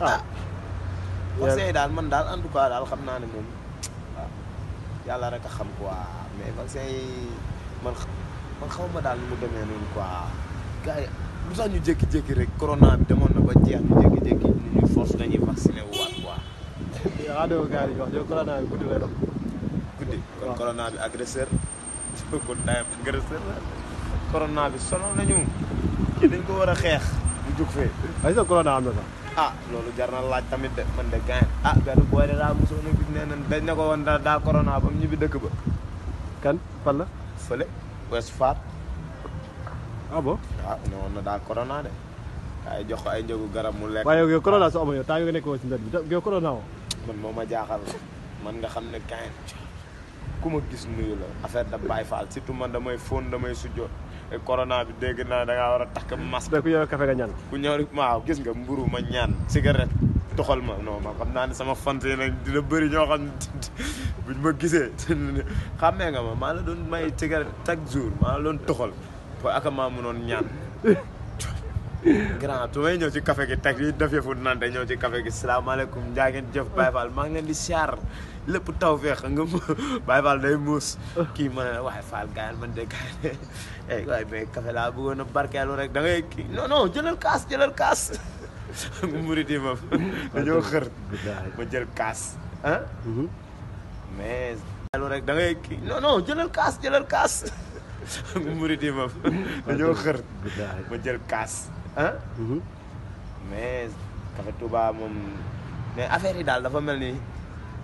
Ah. Ah. waaw conseil yi daal man daal en tout cas daal xam naa ne moom ah, yàlla rek a xam quoi mais vaccin yi man xaw ma daal nu mu demee noonu quoi gars lu tax ñu jékki-jékki rek corona bi demoon na ba jeex ñu jékki-jékki ñu force dañuy vacciné wu waat quoi. yaa dégg gars yi wax yow corona bi guddi lay dox. kon corona bi agresseur corona bi sonal nañu dañ ko war a xeex. mu jóg fee. ay sa corona am na sax. ah loolu jar na laaj tamit de man de gain ah benn booy de daa mosoon a gis nee na dañ ne ko woon da daa corona ba mu ñibbi dëkk ba. kan fan la. fële Ouest Foire. ah bon waaw ah, ne woon na daa corona de. waaye jox ko ay njëgu garab mu lekk. waaye yow corona su amoon yow temps nekk woon si bi yow corona woo. man moo ma jaaxal man nga xam ne gain ku ma gis nuyu la affaire da bàyyi faal surtout man damay fóon damay sujjoon. corona bi dégg naa da ngaa war a takk masque. da ku ñëw café nga ñaan. ku ñëw waaw gis nga mburu ma ñaan cigarette toxal ma non ma xam naa ne sama fans yi nag dina bëri ñoo xam ne buñ ma gisee xàmmee nga ma maa la doon may cigarette chaque jour maa la doon toxal ba ak maa ñaan. grand su may ñëw ci café gi teg yi def yëfu da ñëw ci café gi salaamaaleykum njaa ngeen jëf Baye Fall maa ngi leen di siyaar lépp taw feex nga Baye Fall day muus kii ma ne waaye Fall gaayal man de gaayal eh, waaye mais café laa bëggoon a barkeelu rek da ngay kii non non jëlal kaas jël kaas mhm. rek dangay ki kii non non jëlal kaas jëlal kaas mu murit yi moom dañoo xër ma jël kaas ah. mais Café Touba moom mais affaire yi daal dafa mel ni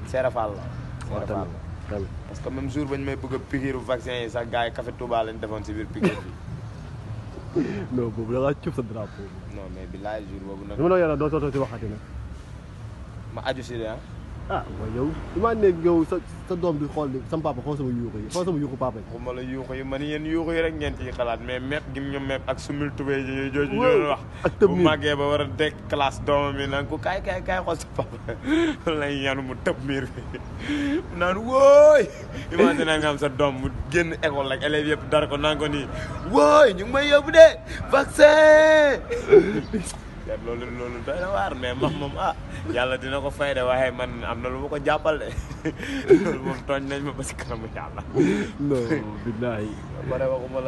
Serafal la. Serafal la parce que même jour bañ may bëgg a piqûre vaccin yi sax gars yi Café lañ defoon si biir piqûre bi. non boobu da ngaa sa drapeau. non mais bilaay jour boobu nag. li ma la wax yàlla doo soog si waxati ma aju si de ah. ah mooy yow damaa nekk yow sa sa doom di xool sama papa xool sama yuuxu yi xool sama yuuxu papa yi. waxuma la yuuxu yi man yéen yuuxu yi rek ngeen ciy xalaat mais mepp gi ñu mepp ak sumul tubéy ji jooju ñu wax. ak ba war a dekk classe doomam yi ko kaay kaay kaay xool sa papa lay yanu mu tëb miir bi naan sa doom mu génn école rek élèves yëpp dara ko naan ko wooy ñu ngi may yóbbu de vaccin. te loolu loolu doy na waar mais ma moom ah yàlla dina ko fay de waaye man am na lu ma ko jàppal de loolu moom tooñ nañ ma ba si kanamu yàlla. non billaahi. ba pare waxuma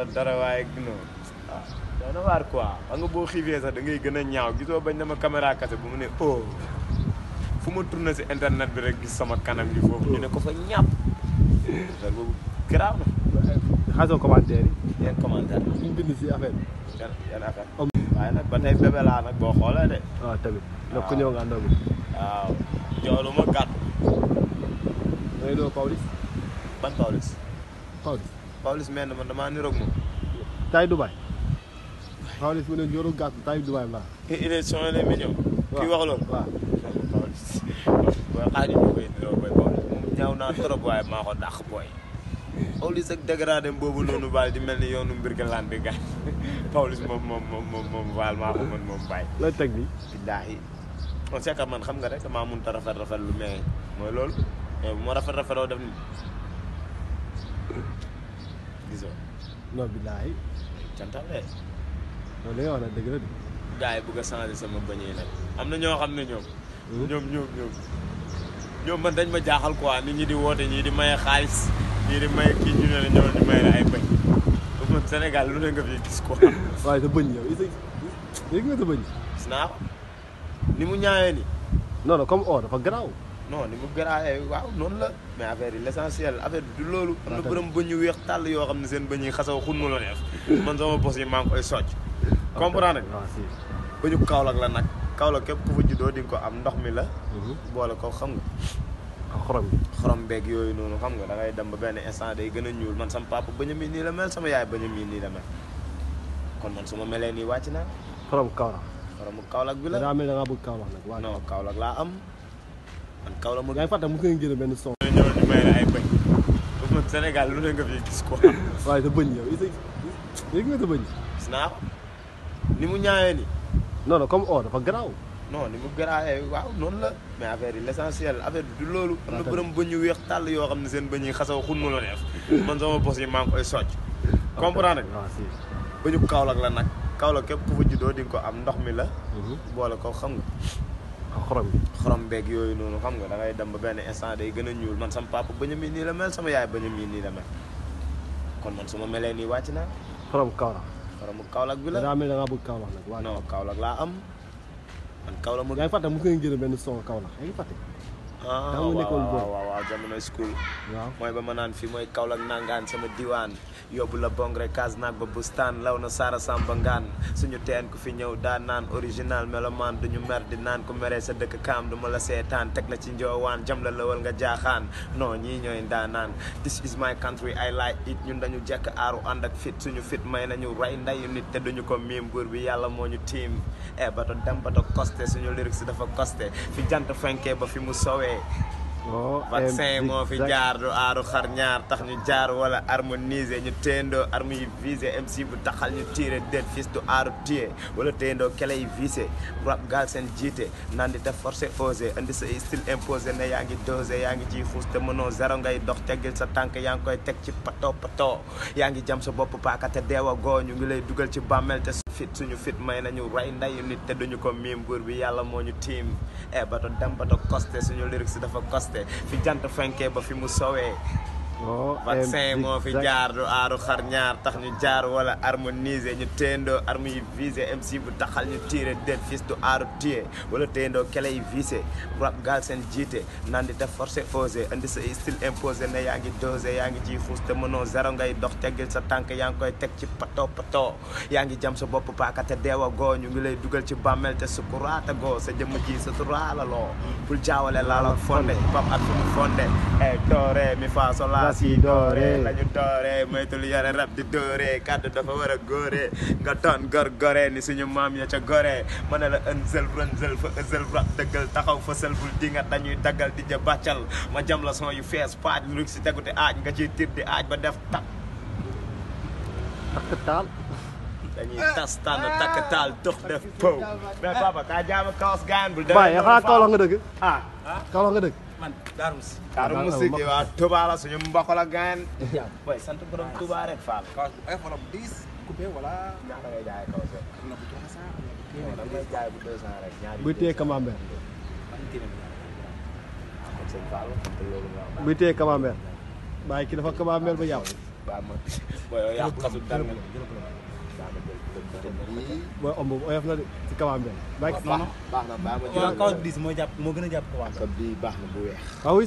waaye non ah doy na waar nga boo xiifee sax da ngay gën a ñaaw gisoo bañ na ma caméra kase mu ne oh fu ma tourné si internet bi rek gis sama kanam gi foofu ñu ne ko fa ñàpp. loolu na. xaasoo commentaire yi. commentaire. ñu bind si affaire waaye nag ba tey bébé nag boo xoolee de. Ah, waaw tamit nag ku ñëw nga ànd ak ma gàtt. ngay doo Pawlish. ban Pawlish. Pawlish. Pawlish mel na man damaa niroog moom. tay Dubaay. Pawlish mu ne njóoru gàtt tay Dubaay mbaa. kii wax loolu. waaw Pawlish. booy xaar yi ñu koy niroo booy Pawlish moom ñaaw naa Pawlish ak dégradé boobu noonu Baal di mel ni yoonu Mbirkelane bi gaañ Pawlish moom moom moom moom Baal maa ko mën moom man xam nga rek maa mënut a rafet lu mais mooy loolu mais eh, bu ma rafet rafetoo def ni gisoo. non billaahi. Eh. sama bañ yi am na ñoo xam ne ñoom. Hmm? ñoom ñoom dañ ma jaaxal quoi nit ñi di woote ñii di maye xaalis. ñii di may kii ñu ne la di may ay bëñ ba man Sénégal lu ne nga fi gis quoi. waaye sa bëñ yow yëg nga sa bëñ. gis naa ni mu ñaawee ni non comme oo dafa garaaw. non ni mu garaawee waaw noonu la mais affaire yi l' essentiel affaire bi loolu. am na bërëm bëñ yu weex tàll yoo xam ne seen bëñ yi xasaw xunnu la def man sama bos yi maa koy socc. comprendre nga bëñu Kaolack la nag Kaolack képp ku fa juddoo di ko am ndox mi la. Mhm. boole ko xam nga. xorom bi xorom yooyu noonu xam nga dangay ngay dem ba benn instant day gën a ñuul man sama papa bañ a miin nii la mel sama yaay bañ a nii la mel kon man su ma melee nii wàcc naa. xorom Kaolack. xoromu Kaolack bi la daa mel da ngaa bëgg Kaolack nag. waaw non Kaolack laa am man Kaolack benn son. ñëw ñu may la bëñ. ba man Sénégal sa bëñ yow sa naa ko ni mu ñaawee nii. non comme o dafa garaaw non ni mu garaawee eh, waaw noonu la mais affaire yi l' affaire bi du loolu. am na bërëm bëñ yu weex tàll yoo xam ne seen bëñ yi xasaw xunnu la def. man sama bos yi maa ngi koy socc. la nag Kaolack képp ku fa juddoo ko am ndox mi la. Mhm. boole ko xam nga. xorom bi xorom beeg yooyu noonu xam nga dangay dem ba benn instant day gën a ñuul man sama papa bëñ mi nii la mel sama yaay bëñ mi nii la mel kon man su ma melee nii wàcc naa. xorom Kaolack. xoromu Kaolack bi la. daa mel da ngaa bëgg Kaolack nag. non Kaolack laa am. man Kaolack moom yaa ngi fàtte mos ngeen génne benn son Kaolack yaa ngi fàtte Ah, daa ma nekkoon góor waaw jamono school. mooy ba ma naan fii mooy Kaolack nangaan sama diwaan. yóbbu la bongre kaas naag ba bustaan law na saara samba ngaan suñu teen ku fi ñëw daan naan original melomaan duñu mer di naan ku meree sa dëkk kaam du ma la seetaan teg la ci njoowaan jam la lawal nga jaaxaan no ñii ñooy ndaanaan this is my country ay like it ñun dañu jekk aaru ànd ak fit suñu fit may nañu rey ndeyu nit te duñu ko miim buur bi yàlla moo ñu tiim e bato dem ba fi way. Oh, vaccin moo fi jaar du aaru xar ñaar tax ñu jaar wala harmoniser ñu teendoo arme yi visé MC bu taxal ñu tiire déet fils du aaru tiye wala teendoo kele yi visé rap gaal seen jiite naan di te forcé osé indi sa style imposé ne yaa ngi dosé yaa ngi ciy fuus te mënoo zéro ngay dox teggil sa tànk yaa ngi koy teg ci pato pato yaa ngi jam sa bopp paaka te deew ñu ngi lay dugal ci bameel te fit suñu fit may nañu rey nday nit te ñu ko miim buur bi yàlla moo ñu tiim e fi jant fenkee ba fi mu sowee Oh, vaccin moo fi jaar du aaru xar ñaar tax ñu jaar wala harmoniser ñu teendoo arme yi visé MC bu taxal ñu tiire déet fis du aaru tiye wala teendoo kele yi visé rap gaal seen jiite naan di def forcé osé indi sa style imposé ne yaa ngi dosé yaa ngi ciy xuus te mënoo zéro ngay dox teggil sa tànk yaa ngi koy teg ci pato pato yaa ngi jam sa bopp paaka te deewa goo ñu ngi lay dugal ci bàmmeel te sukuraata goo sa jëmm ji sa turaalaloo bul jaawale laala fonde pam ak fu mu si doore eh, lañu doore moytul yore rab di doore kàddu dafa war a góore nga doon gor gore ni suñu maam ya ca gore ma ne la ën sël ren sël fa sël rab dëggal taxaw fa sël bul di nga dañuy daggal di ja bàccal ma jam la son yu fees paaj lu si tegu di aaj nga ciy tir di aaj ba def tak takk taal dañuy tas tànn takk taal dox def pow mais papa kaa jaama dëgg ah. man Darou Moussi. Darou Moussi kii sant borom Touba rek Fall. kaw ay xolam diis bu 300 am bu 200 jaay bu 200 rek. ñaari buy téye camembert. Ah, buy téye booy omb oyof na de ci kawaam bi. baax na baax moo jàpp moo gën a jàpp kawaam bi. baax na bu weex.